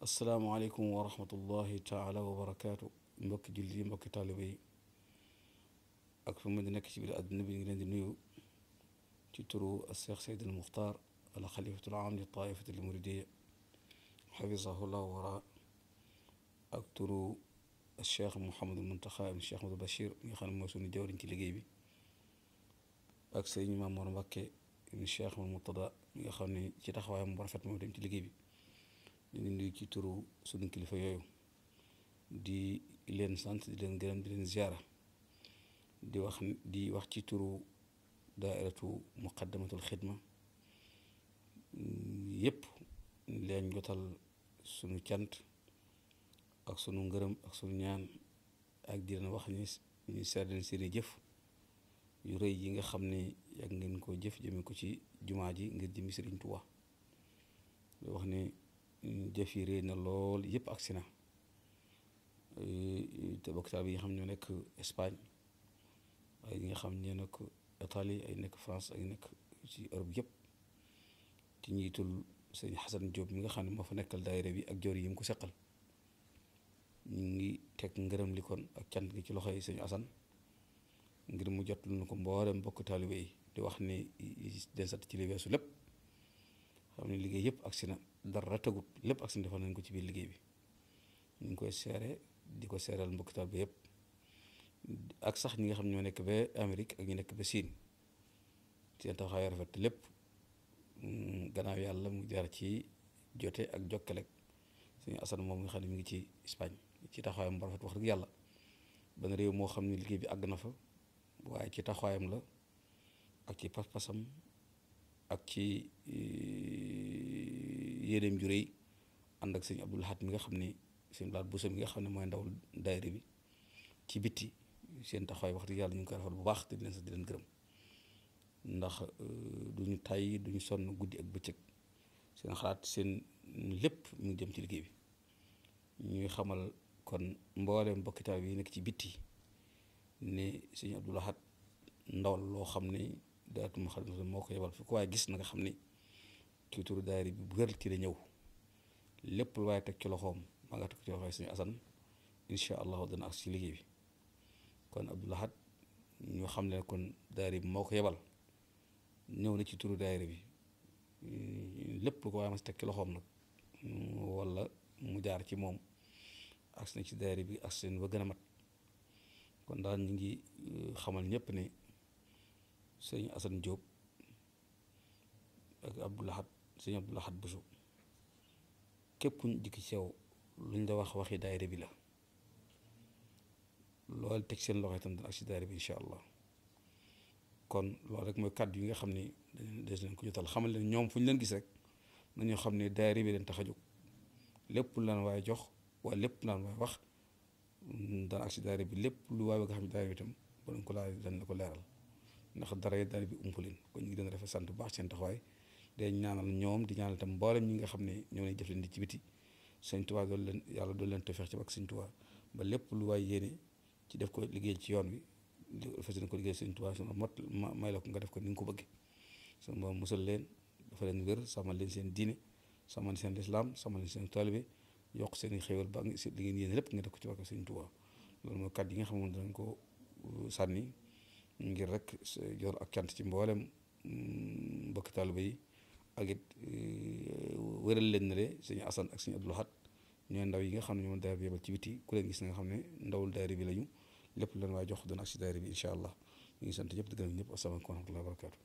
asalaamaaleykum wa rahmatullahi taala wa barakaatu mbokki jullit yi mbokki taaliba yi ak fu mu di nekk ci biir àdduna bi ngi leen di nuyu ci turu Cheikh Seyd al Muxtaar al xalifatul aam li taifati al muridiya xafisahullah wara ak turu Cheikh mu Muntaxa ibn Cheikh Ahmadul Bachir nga xam ne mooy sunu jawriñ ci liggéey bi ak sëriñ Mamoor Mbakke ibn Cheikh Murtada nga xam ne ci taxawaayam bu rafet moom dem ci liggéey bi ñu ngi nuyu ci turu sunu kilifa yooyu di leen sant di leen gërëm di leen ziara di wax di wax ci turu daairatu muqaddamatul xidma mm, yépp leen jotal sunu cant ak sunu ngërëm ak sunu ñaan ak di leen wax ni ñu seddeen seeni jëf yu rëy yi nga xam ne yàgg ngeen koo jëf jëme ko ci jumaa ji ngir jëmi Sëriñ Tuubaa di wax ne jëf yi na lool yëpp agsi na euh, te bokk taal bi nga xam ñoo nekk Espagne ay nga xam ñoo nekk Italie ay nekk France ay nekk si Europe yëpp ci njiitul sëñ Xasan Diop mi nga xam ne moo fa nekkal daayira bi ak joor yi mu ko seqal ñu ngi teg ngërëm li kon ak cant gi ci loxo yi sëñ Asan ngir mu jot lu nu ko mboolem bokk taalibe yi di wax ni desat ci li weesu lépp xam ne liggéey yëpp si na dara tëgut lépp agsi na nañ ko ci biir liggéey bi ñu ngi koy seere di ko seeral mbokki taal sax ñi nga xam ñoo nekk ba Amérique ak ñu nekk ba Siin seen taxawaay rafet lépp mm, gannaaw yàlla mu jaar ci jote ak jokkale suñu asan moom nga xam ne mi ngi ci Espagne ci taxawaayam bu rafet wax dëgg yàlla ban réew moo xam ne liggéey bi àgg na fa waaye ci taxawaayam la ak ci pas-pasam ak ci yéeneem ju rëy ànd ak sëñ Abdul mi nga xam ni sëñ Blaat Bousso mi nga xam ne mooy ndawul bi ci bitti seen taxawaay wax dëgg yàlla ñu ngi koy rafet bu baax te di sax di leen gërëm euh, duñu tàyyi duñu sonn guddi ak bëccëg seen xalaat seen lépp mu ngi jëm ci liggéey ñuy xamal kon mbooleem mbokki taal yi ci bitti ne sëñ Abdul Ahad loo xam ne daatu ma xam moo ko yebal fi ko waaye gis na nga xam ne ci turu daayira bi bu ki ci ñëw lépp lu waaye teg ci loxoom maa nga teg suñu asan incha allah dana ak ci liggéey bi kon Abdou Lahad ñu xam ne kon daayira bi moo ko yebal ñëw na ci turu daayira bi lépp lu teg ci loxoom nag wala mu jaar ci moom ak na ci daayira bi ak seen ba gën mat kon daal ñu ngi euh, xamal ñëpp ne sëñ Assane jóob ak Abdou sëñ Abdou Lahad Bousso képp kuñ dikk ci yow luñ la wax waxi daayira bi la loolu teg seen loxo itam dana ak si daayira bi incha allah kon loolu rek mooy kàddu yi nga xam ni dañ leen ko jotal xamal leen ñoom fu ñu leen gis rek nañu xam ne bi leen tax a jóg lépp lu laan waaye jox wala lépp lu laan waaye wax dana ak si daayira bi lépp lu waaye nga xam ne daayira tam itam ba ko laa dañ la ko leeral ndax dara yi daayira bi ump leen ñu ngi leen rafet sant bu baax seen taxawaay day ñaanal ñoom di ñaanal tam mboolem ñi nga xam ne ñoo lay jëf leen di ci biti sëñ Tuubaa doon yàlla doo leen tofeex ci bak sëñ ba lépp lu waay ci def ko liggéey ci yoon wi fas yéene ko liggéey sëñ Tuubaa su mot may la ko nga def ko ni nga ko bëgge su ma musal leen dafa leen wér sàmmal leen seen diine sàmmal seen lislaam sàmmal leen seen taalibe yokk seen i xéewal ba li ngeen yéene lépp nga def ko ci barke sëñ Tuubaa loolu mooy kàddu yi nga xam ne danañ ko uh, sànni ngir rek yor ak cant ci mboolem mm, mbokki taalibe yi ak it eh, leen na le sëñ Assane ak sëñ Abdou Lahad ñooy ndaw yi nga xam ne ñoom daayira bi yebal ci biti ku leen gis nga xam ne ndawul daayira bi lañu lépp lan waaye jox doon ak si daayira bi incha allah ñu ngi sant ñëpp di gërëm ñëpp asalaamaaleykum wa rahmatullahi